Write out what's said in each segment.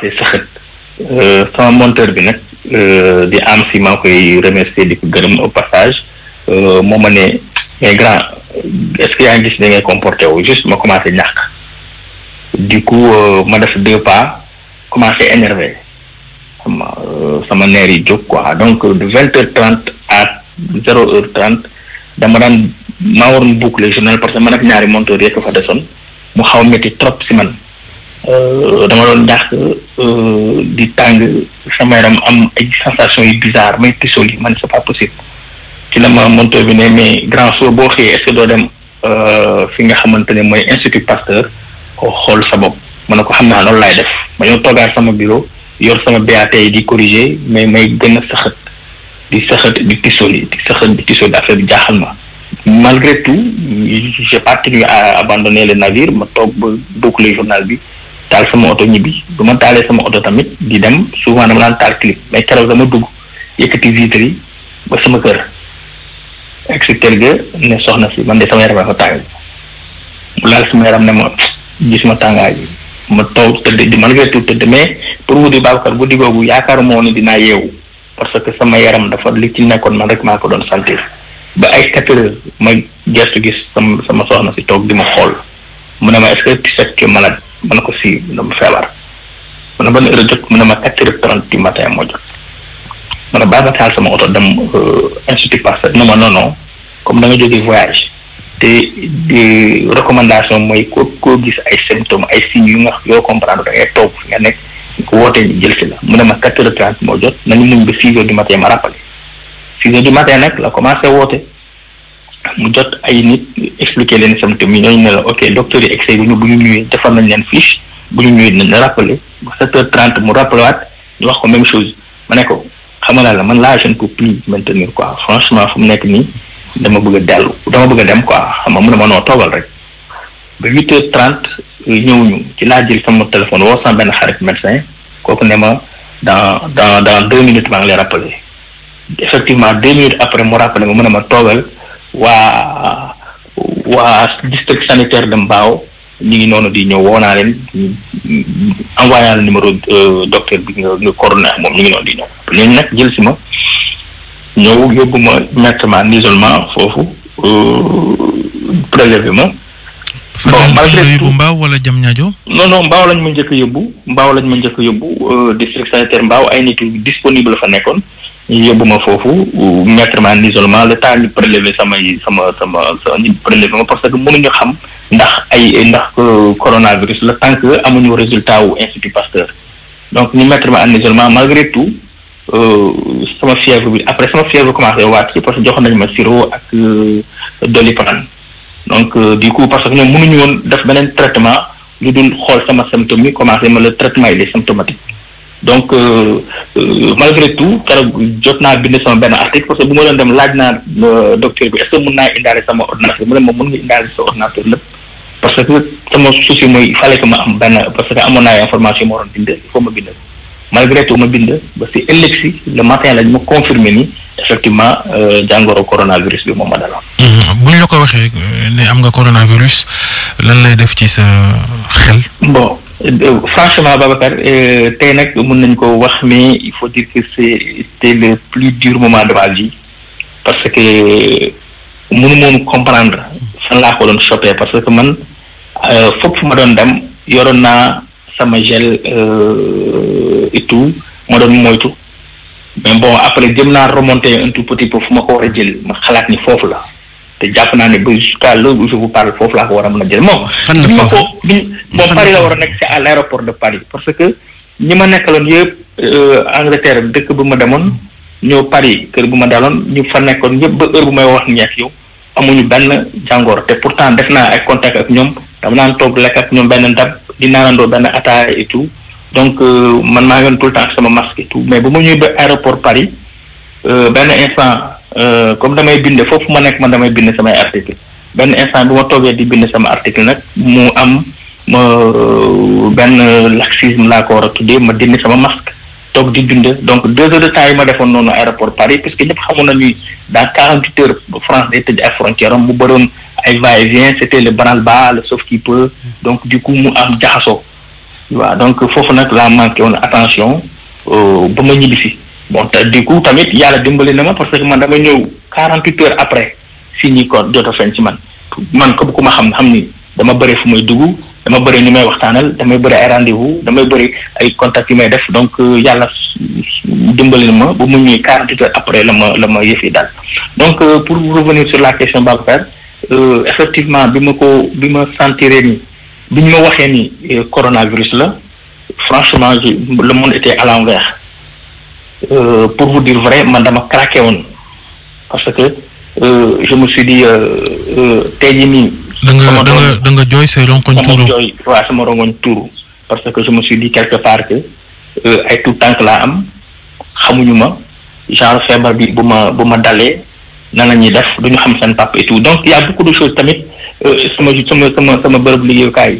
c'est ça eh, sama monteur bi nag eh, di am si maa koy remercier di ko gërëm au passage eh, moo ma ne mais grand est ce que yaa gis ni ngay comporté wu juste ma commencé ñàkk du coup ma def deux pas commencé énervé sama neri yi jóg quoi donc de vingt heures trente à zéro heure trente dama daan maa waroon boucler journal parce que ma def ñaari monteur yëpp fa desoon mu xaw metti trop si man dama Euh, di tàng sama yaram am ay sensation yu bizarre may tisoo yi man c'est pas possible ci la ma monto bi ne mais grand soo boo xëyee est-ce que doo dem euh, fi nga xamante ne mooy institut Pasteur xool sa bopp ma ne ko xam naa loolu laay def ma ñëw toogaat sama bureau yor sama BAT yi di corriger mais may gën a saxat di saxat di tisoo di saxat di tisoo affaire bi jaaxal ma. malgré tout j'ai pas tenu à abandonner le navire ma toog ba dugg le journal bi. tal sama auto ñibi buma talé sama auto tamit di dem souvent dama lan tal clip mais kéro dama dugg yëkkati vitre ba sama kër ak ci kër ga né soxna ci man dé sama yaram dafa tagal bu laal sama yaram né mo gis ma tàngaay bi ma taw te di malgré tout tëdd mais pour wudi bakkar gudi gogou yaakar mo ni dina yeewu parce que sama yaram dafa li ci nekkoon man rek mako don sentir ba ay quatre ma gestu gis sama sama soxna ci tok di ma mu ne ma est ce que tu sais que malade man ne ko si mu ne ma feebar ma ne ban heure ma quatre heures du matin moo jot ma na baa na taal sama oto dem euh, institut Pasteur ne ma non comme da nga jógee voyage te di recommandation mooy ko koo gis ay symptômes ay signes yu nga yoo comprendre da ngay toog nga nekk ko wootee ñu jël si la mu ne ma quatre heures moo jot nañu muñ ba six heures du matin ma rappelé six du matin nag la commencé woote. mu jot ay nit expliqué leen symptômes yi ñooñu ne la ok docteur yi expliqué ñu bu ñu ñëwee defal nañ leen fiche bu ñu ñëwee dinañ la rappelé ba sept heures trente mu rappelé waat ñu wax ko même chose ma ne ko xam nga la man laa je ne peux plus maintenir quoi franchement fu mu nekk nii dama bëgg a dellu dama bëgg a dem quoi xam nga mu ne ma noo toogal rek ba huit heures trente ñëw ñu ci laa jël sama téléphone woo sama benn xarit médecin kooku ne ma dans dans dans deux minutes maa ngi lay rappelé effectivement deux minutes après mu rappelé ma mu ne ma toogal. waa waa district sanitaire de mbaaw ñu ngi noonu di ñëw woo naa leen la numéro euh, docteur bi nga nga corona moom ñu ngi noonu di ñëw ñooñu nag jël si ma ñëw yóbbu ma mettre ma en isolement foofu euh, prélevé ma. bon malgré tout yóbbu Mbao wala Diamniadio. non non Mbao lañ ma njëkk yóbbu Mbao lañ ma njëkk yóbbu euh, district sanitaire Mbao ay nit yu disponible fa nekkoon. yóbbu iya, ma foofu mettre ma en isolement le temps ñu prélever sama sama sama ñu prélever ma parce que mënuñu xam ndax ay ndax euh, coronavirus le temps que amuñu résultat wu institut pasteur donc ñu mettre ma en isolement malgré tout euh, sama fièvre bi après sama fièvre commencé waat ci parce que joxoon nañ ma siro ak euh, doliprane donc du coup parce que ñoom mënuñu woon def beneen traitement lu dul xool sama symptôme yi commencé ma le traitement il est symptomatique donc euh, euh, malgré tout keroog jot naa bind sama benn article parce que bu ma doon dem laaj naa euh, docteur bi est-ce que mën naa indaale sama ordinateur mu ne ma mën nga indaale sa ordinateur lépp parce que sama souci mooy fallait que ma am benn parce que amoon naa information yi ma waroon bind il faut ma bind malgré tout ma bind ba si ëllëg si le matin lañ ma confirmer ni effectivement jàngoro coronavirus bi moom ma daloon. Mm-hmm. bu ñu la ko waxee ne am nga coronavirus lan franchement Babacar euh, tey nag mun nañ ko wax mais il faut dire que c'était le plus dur moment de ma vie parce que mënu moom comprendre fan laa ko doon choper parce que man euh, fopp fu ma doon dem yoroon naa sama gel euh, et tout ma doon moytu mais bon après jëm naa remonter un tout petit fu ma ko war jël ma xalaat ni foofu la te jàpp naa ne ba jusqu'à l'heure où je vous parle foofu laa ko war a mën a jël moom. fan la foofu moom Paris la war a nekk c'est à l'aéroport de Paris parce que ñi ma nekkaloon yëpp euh, Angleterre dëkk bu ma demoon ñëw Paris kër bu ma daloon ñu fa nekkoon yëpp ba heure bu may wax ñeex yow amuñu benn jàngoor te pourtant def naa ay contact ak ñoom dama naan toog lekk ak ñoom benn ndab di naanandoo benn atta et donc euh, man maa ngi woon tout temps sama masque et tout mais bu ma ñëwee ba aéroport Paris euh, benn instant. Euh, comme damay binde foofu ma nekk man damay bind samay article benn instant bi ma toogee di bind sama article nag mu am ma euh, benn laxisme laa ko war a tuddee ma dindi sama masque toog di bind donc deux heures de temps yi ma defoon noonu aéroport Paris puisque ñëpp xamoon nañu dans quarante-huit heures France day tëj ay frontière am mu bëroon ay va-et-vient c'était le branle-bas le sauve-qui-peut donc du mu am jaxasoo waaw donc foofu nag laa manqué woon attention euh, ba ma ñibbisi bon ta di ko tamit yalla dimbali na ma parce que man dama ñew 48 heures après si ko joto a ci man man ko ku ma xam xam ni dama bëré fu may duggu dama bëré ni may waxtanal dama bëré ay rendez vous dama bëré ay contact yi may def donc euh, yalla dimbali na ma bu mu ñew 48 heures après la ma la ma yefi dal donc euh, pour revenir sur la question ba faire euh, effectivement bima ko bima ma ni biñ ma waxé ni euh, coronavirus la franchement le monde était à l'envers Euh, pour vous dire vrai, madame craqué on. Parce que euh, je me suis dit, euh, euh Tejini. Danga Joy, c'est Rongon Tourou. Joy, ouais, c'est Rongon Tourou. Parce que je me suis dit quelque part que, euh, et tout le temps que là, am, genre bi buma buma dalé nan la def, duñu xam seen pap et tout. Donc il y a beaucoup de choses tamit, euh, sama sama sama sama bërëb liggéeyukaay,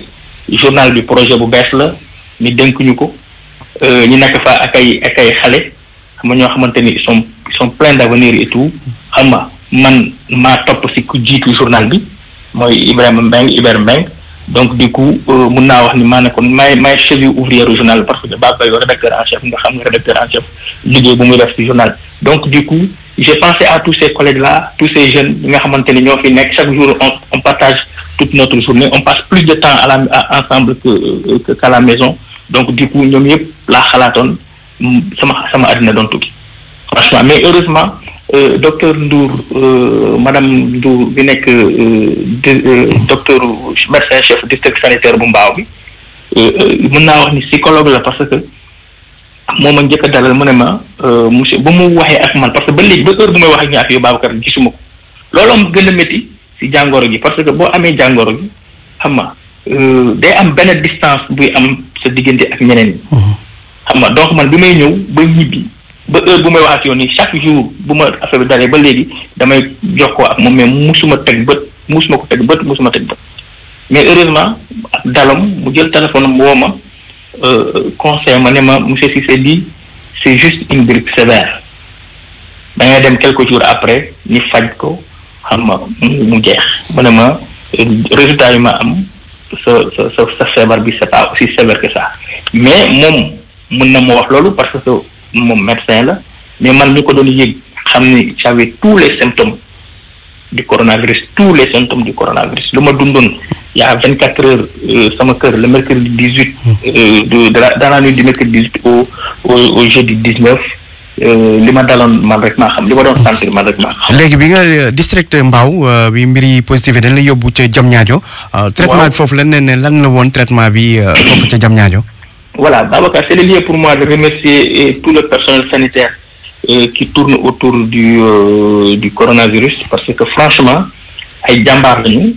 journal bi projet bu la, ni euh, am na ñoo ils sont ils sont pleins d'avenir et tout xam man ma top ci ku jiitu journal bi moy Ibrahima Mbengue Ibrahima Mbengue donc du coup euh, mun naa wax ni maa ne may may chef cheville ouvrière journal parce que baa koy rédacteur en chef nga xam nga rédacteur en chef liggéey bu muy def ci journal donc du coup j'ai pensé à tous ces collègues là tous ces jeunes yi nga xamante ni ñoo fi nekk chaque jour on on partage toute notre journée on passe plus de temps à la à, ensemble que euh, qu'à la maison donc du coup ñoom yëpp laa xalaatoon sama sama àddina don tuki franchement mais heureusement euh, docteur Ndour euh, madame Ndour bi nek euh, eh, eh, docteur médecin chef district sanitaire bu mbaw bi euh, mën naa wax ni psychologue la parce que moom ma njëkk a dalal mu ne ma monsieur ba mu waxee ak man parce que ba léegi ba heure bu may wax ak ñu ak yow Babacar gisuma ko looloo gën a métti si jàngoro gi parce que boo amee jàngoro gi xam nga eh, day am benn distance buy am sa diggante ak ñeneen ñi xam nga donc man bi may ñëw ba ñibbi ba heure bu may wax ak yow nii chaque jour bu ma affaire bi dalee ba léegi damay jox ko ak moom mais musuma teg bët musuma ko teg bët musuma teg bët mais heureusement ak dalam mu jël téléphone am woo ma euh, conseil ma ne ma monsieur Cissé di c'est juste une grippe sévère da ngay dem quelques jours après ñu faj ko xam nga mu jeex mu ne ma résultat yi ma am sa sa sa feebar bi c' est pas aussi sévère que ça mais moom mën na ma wax loolu parce que moom médecin la mais man mi ko doon yëg xam ni j'avais tous les symptômes du coronavirus tous les symptômes du coronavirus lu ma dundoon y a vingt quatre heures euh, sama kër le mercredi dix huit euh, de dans la nuit du mercredi dix huit au au jeudi dix neuf euh, li ma daloon man rek maa xam li ma doon sentir man rek maa xam. léegi bi nga district Mbao bi mbir yi positif yi dañ la yóbbu ca Diamniadio. waaw traitement bi foofu lan ne lan la woon traitement bi foofu ca Diamniadio. Voilà, d'abord c'est le lieu pour moi de remercier euh, tout le personnel sanitaire euh, qui tourne autour du, euh, du coronavirus parce que franchement, ils jàmbaar lañu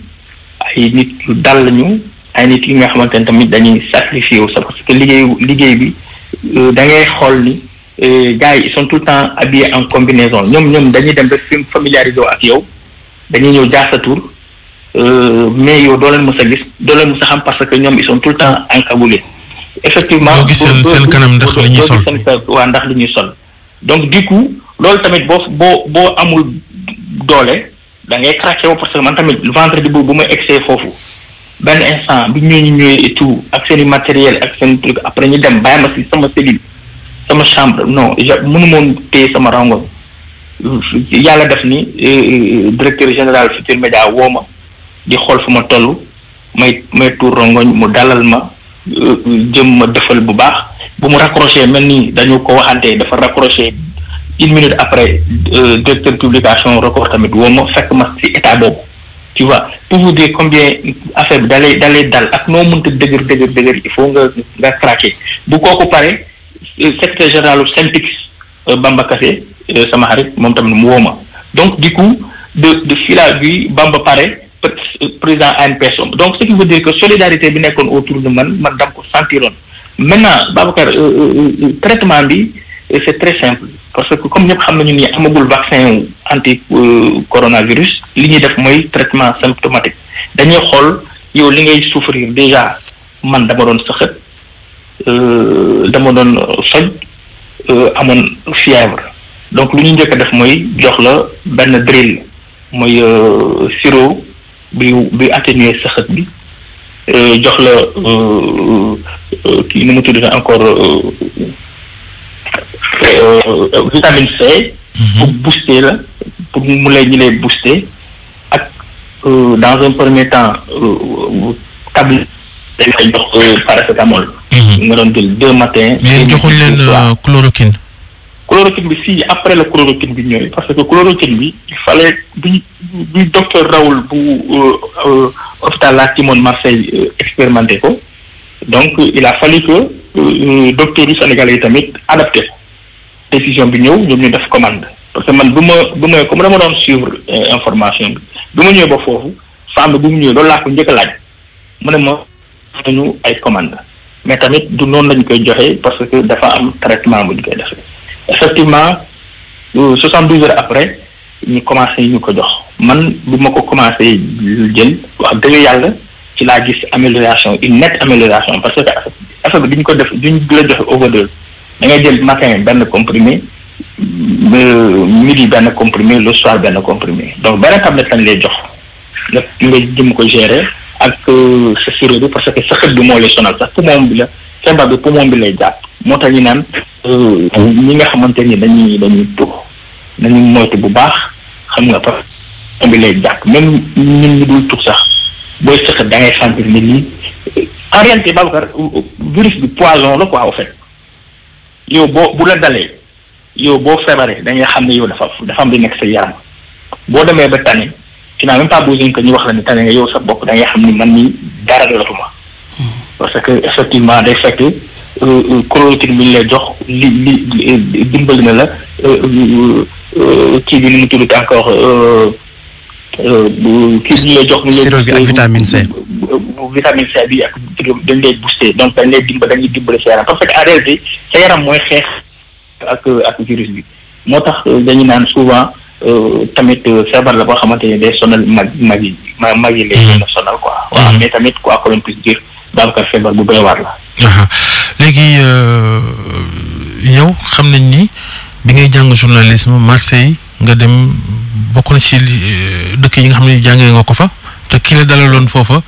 ay nit yu dal lañu ay nit nga tamit sacrifié parce que les gens bi sont euh, ngay xool ils sont tout le temps habillés en combinaison Ils sont dañuy nous ba fi familiarisé ak yow dañuy ñëw jaar sa tur mais ils ont leen mës a gis doo parce que ils sont tout le temps encagoulés effectivement ñoo gisal seen kanam ndax li ñuy sol seen ndax li ñuy sol donc du coup loolu tamit boo amul doole da ngay craqué wu parce que man tamit vendredi bu bu ma excès foofu benn instant bi ñooñu ñëwee et tout ak seen matériel ak seen truc après ñu dem sama cellule sama chambre non je mënu moon sama rango yàlla def ni euh, euh, directeur général futur média di xool fu ma may may tuur rongoñ mu dalal ma jëm defal bu baax bu mu raccroché mel dañu ko waxante dafa raccroché une minute après euh, directeur publication record tamit ma état tu vois pour vous dire combien affaire bi dalay ak de il faut nga bu euh, général Bamba sama donc du coup de de à Bamba Présent à une personne. donc ce qui veut dire que solidarité bi qu'on autour de moi, madame, dam ko maintenant Babacar euh, euh, euh, traitement bi c'est très simple parce que comme ñëpp xam nañu ni amagul vaccin anti coronavirus li ñuy def traitement symptomatique dañuy il yow li ngay souffrir déjà man dama doon sëxët dama doon soj amoon fièvre donc lu ñu njëkk je def mooy jox la benn sirop bi bi atténuer saxat bi euh, jox la euh, euh, kii nu mu tudd encore vitamine C. Mhm. pour booster la pour mu lay ñu lay booster ak dans un premier temps table dañ lay jox paracétamol. Mhm. nga doon jël deux matins. mais joxuñ leen chloroquine chloroquine bi si après la chloroquine bi ñoy parce que chloroquine bi il fallait du docteur Raoul bu euh, euh, hôpital La Timon Marseille euh, expérimenté ko donc il a fallu que docteur du sénégalais tamit adapté décision bi de ñoom ñu def commande parce que man buma buma bu comme dama suivre information bi bu ma ba fofu femme bu mu ñëwee loolu laa ko njëkk a laaj ma ñu ay commande mais tamit du non lañ koy joxé parce que dafa am traitement bu ñu koy effectivement 72 euh, heures après ñu commencé ñu ko jox man bu ma ko commencé jël wax dëgg yàlla ci laa gis amélioration une nette amélioration parce que affaire bi duñ ko def duñ la joxe overdose da ngay jël matin benn comprimé midi benn comprimé le soir benn comprimé donc benn tablette lañ lay jox nga nga jëm ko gérer ak euh, sa sirop bi parce que sa xët bi moo lay sonal sax poumon bi la feebar bi poumon bi lay jàpp. moo tax ñu naan euh, ñi nga xamante ni dañuy dañuy tux nañu moytu bu baax xam nga fa bi lay jàpp même ñun ñu dul tux sax booy sëq da ngay sentir ni lii ba réalité Babacar virus bi poison la quoi au fait yow boo bu la dalee yow boo feebaree da ngay xam ne yow dafa dafa am lu nekk sa yaram boo demee ba tane ci naa même pas besoin que ñu wax la ni tane nga yow sa bopp da ngay xam ni man nii dara dalatuma parce que effectivement day fekk euh, chloroquine bi ñu lay jox li li dimbali na la euh, euh, kii bi nu mu tudd encore kii bi ñu lay jox. sirop bi ak vitamine C. vitamine C bi ak dañ lay booster donc dañ lay dimbali dañuy dimbali sa yaram parce que en réalité sa yaram mooy xeex ak ak virus bi moo tax dañu naan souvent. tamit feebar la boo xamante ne day sonal mag mag yi mag yi lay mhm. sonal waaw mhm. mais tamit quoi qu'on puisse dire daanaka bu doy waar la. léegi euh, yow xam nañ ni bi ngay jàng journalisme Marseille nga dem bokk na ci euh, dëkk yi nga xam ne jàngee nga ko fa te ki la dalaloon foofa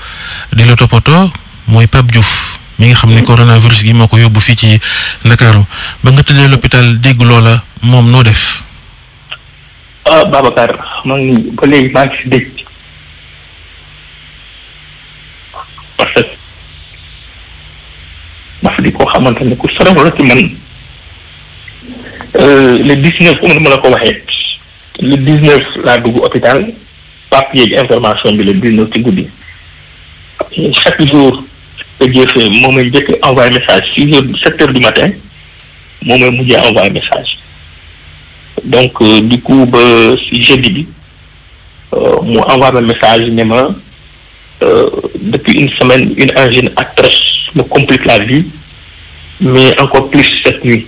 di la toppatoo mooy Pape Diouf mi nga xam ne mm-hmm. coronavirus gi moo ko yóbbu fii ci Ndakaaru ba nga tëddee l'hôpital dégg loola moom noo def. ah Babacar man ba léegi maa ngi si dégg ndax di ko xamante ne ku sore la man euh, le 19 comme ma la ko waxee le 19 laa dugg hôpital papier ji information bi le 19 ci guddi chaque jour da jëfee moom la njëkk envoyé message 6 heures 7 heures du matin moom la mujjee envoyé message donc euh, du coup ba si jeudi bi euh, mu envoyé message ne ma depuis une semaine une angine atroce me complique la vie, mais encore plus cette nuit.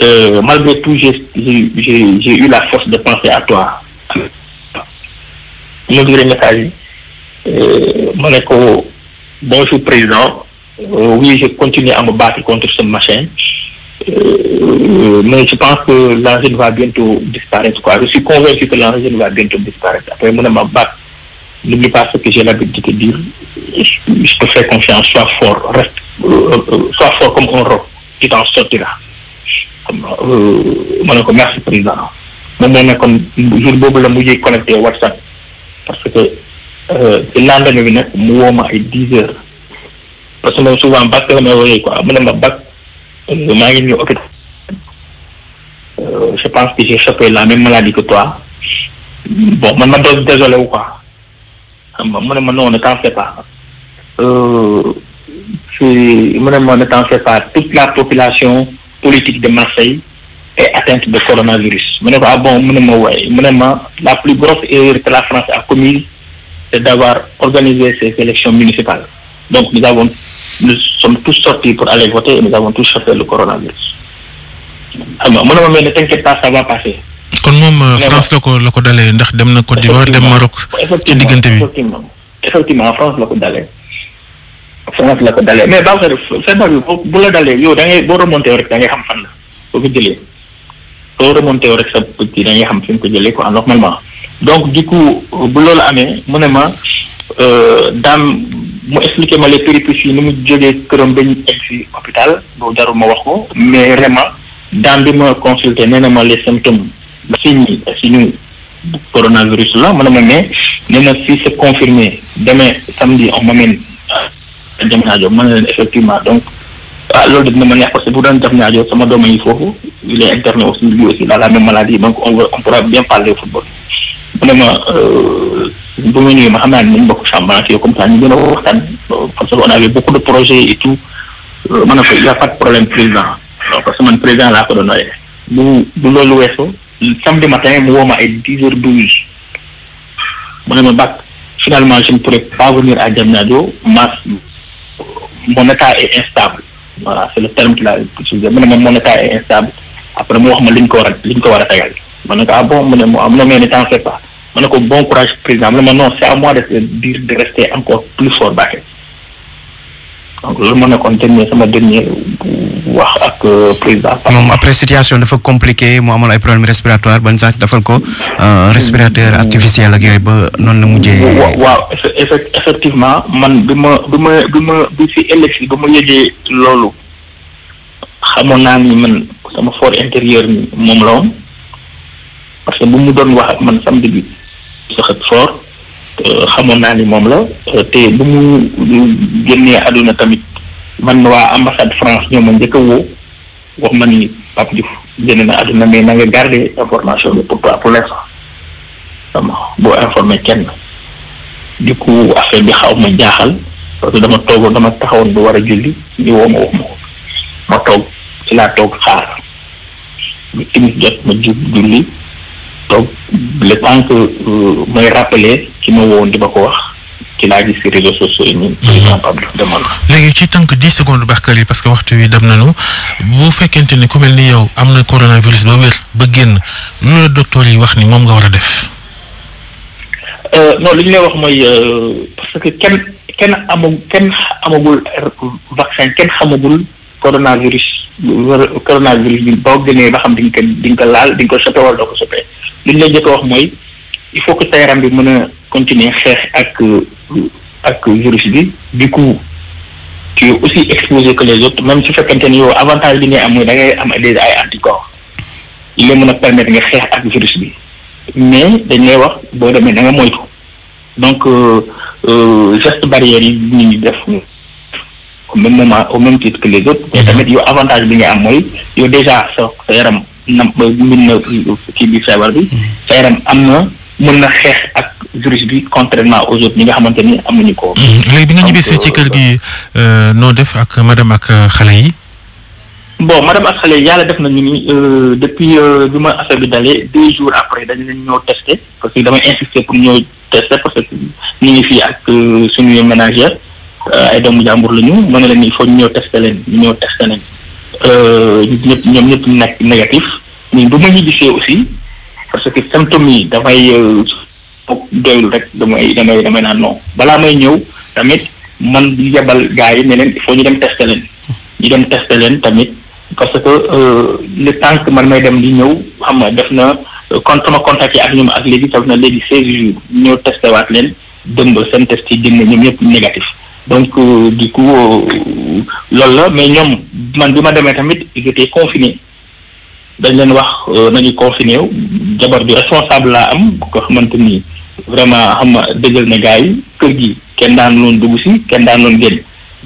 Euh, malgré tout, j'ai eu la force de penser à toi. Mon le message. bonjour président. Euh, oui, je continue à me battre contre ce machin. Euh, mais je pense que l'engine va bientôt disparaître. Je suis convaincu que l'engine va bientôt disparaître. Après, je me battre n'oublie pas ce que j'ai l'habitude de dire. Je te fais confiance, sois fort, reste, euh, euh, sois fort comme un roc, qui t'en sortira. Euh, merci président moom Je suis jour boobu la WhatsApp parce que l'année lendemain je me suis woo ma heures parce que souvent je quoi je pense que j'ai chopé la même maladie que toi bon je ma désolé ou quoi moi ne t'en fais pas euh, ne t'en pas toute la population politique de Marseille est atteinte de coronavirus bon la plus grosse erreur que la France a commise c'est d'avoir organisé ces élections municipales donc nous avons nous sommes tous sortis pour aller voter et nous avons tous fait le coronavirus alors ne t'inquiète pas ça va passer kon moom euh, France la ko la ko dalee ndax dem na Côte d'Ivoire dem Maroc ci diggante bi effectivement France la ko dalee France la ko dalee mais baax na feebar bi bu la dalee yow da ngay boo remonté rek da ngay xam fan la boo ko jëlee boo remonté rek sa petit da ngay xam fi mu ko jëlee quoi normalement donc du coup bu loolu amee mu ne ma euh, dame mu ma les péripéties yi ni mu jógee këram ba ñu egg si hôpital boobu jarul ma wax ko mais vraiment bi ma consulté nee na ma les symptômes si ñi si ñu coronavirus la ma ne ma mais nee na si c'est confirmé demain samedi on m'amène euh, Diamniadio ma ne leen effectivement donc ah loolu dina ma neex parce que bu doon Diamniadio sama doom yi foofu il est interné aussi lui aussi dans la même maladie donc on pourra bien parler football mu ne ma euh, bu ma ma xam naa ne nañ bokk chambre yow comme ça ñu gën a waxtaan parce on avait beaucoup de projets et tout euh, ma ne ko y pas problème président parce man président laa ko doon samedi matin mu est 10h12. finalement je ne pourrais pas venir à Diamniadio mon état est instable voilà c'est le terme que a utilisé mon état est instable après moi, je me suis dit que ne ah bon ne ah, pas bon courage président maintenant non c'est à moi de dire de rester encore plus fort Mbacké donc je à nekkoon c'est ma dernière euh, ak président. après situation dafa compliqué mo amoon ay problème respiratoire ban sax defal ko respirateur artificiel ak yoy ba non la mujjé waaw effectivement man bima bima bima bi ma élection bima ma lolu xamona ni man sama fort intérieur ni moom la woon parce que bu mu doon wax ak man samedi bi saxat fort xamona ni mom la té bu mu génné aduna tamit man wa ambassade france ñoo ma njëkk woo wax man ni pap Diouf jëne na aduna mais na nga garder information de pour pour l'instant sama bo informé kenn du coup affaire bi xawma ma jaaxal parce que dama togo dama taxawon bu wara julli ñu woo ma wax ma ko ma toog ci la tok xaar ni timis jot ma jub julli tok le temps que euh, may rappeler ci ma woon di ma ko wax ci laa gis si réseaux sociaux yi ñun. président Pablo demoon na. ci tank 10 secondes Bakary parce que waxtu wi dem nañu bu fekkente ni ku melni yow am na coronavirus ba wér ba génn loolu la docteur yi wax ni moom nga war a def. Euh, non li ñu lay wax mooy euh, parce que kenn kenn amag kenn amagul vaccin kenn xamagul coronavirus coronavirus bi boo gënee ba xam diñ ko diñ ko laal diñ ko soppee wala doo ko soppee li ñu lay jot wax mooy il faut que sa yaram bi mën continuer xex ak ak virus bi du coup tu es aussi exposé que les autres même si fekkante ni yow avantage bi ngay am moy da ngay am des ay anticorps il lay mën permettre nga xex ak virus bi mais dañ lay wax bo demé da nga moytu donc euh, euh, geste barrière yi ni ñi def au même moment au même titre que les autres mais tamit yow avantage bi ngay am moy yow déjà sa sa yaram na mën na kii bi feebar bi sa am na mën na xeex ak virus bi contrairement aux autres ñi nga xamante ni amuñu ko. Hmm, léegi bi nga ci euh, kër gi euh, noo def ak madame ak euh, xale yi. bon madame ak xale yàlla def nañu ni depuis bi ma affaire bi dalee deux jours après dañu leen ñoo testé parce que damay insister pour ñoo testé parce que ñu ngi fii ak suñu ménagère ay doomu jàmbur lañu mën na leen il faut ñoo testé leen ñoo testé ñoom ñëpp nekk négatif mais bu ma aussi. parce que symptômes yi damay euh, doyul rek damay damay damay naa non balaa may ñëw tamit man yebal gars yi ne leen il ñu dem tester leen. ñu dem teste leen tamit parce que euh, le temps man may dem di ñëw xam na def na euh, kon sama contact yi ak ñoom ak léegi def na léegi seize yu ñëw teste waat leen dëmb seen test yi génn ñoom ñëpp négatif. donc du coup loolu la mais ñoom man bi ma demee tamit j'étais confiné. dañ leen wax euh, nañu confiné wu jabar bi responsable laa am ko xamante nii vraiment xam nga dëggal na gaa yi kër gi kenn daan loon dugg si kenn daan loon génn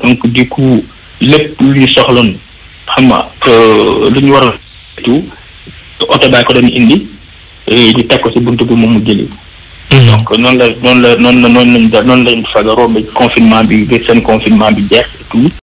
donc du coup lépp lu ñu soxloon xam nga euh, lu ñu war a tout oto baa indi euh, ñu teg ko si bunt bi moom mu jëli mhm. donc noonu la noonu la noonu la noonu lañ noonu la fagaroo ba confinement bi ba seen confinement bi jeex et tout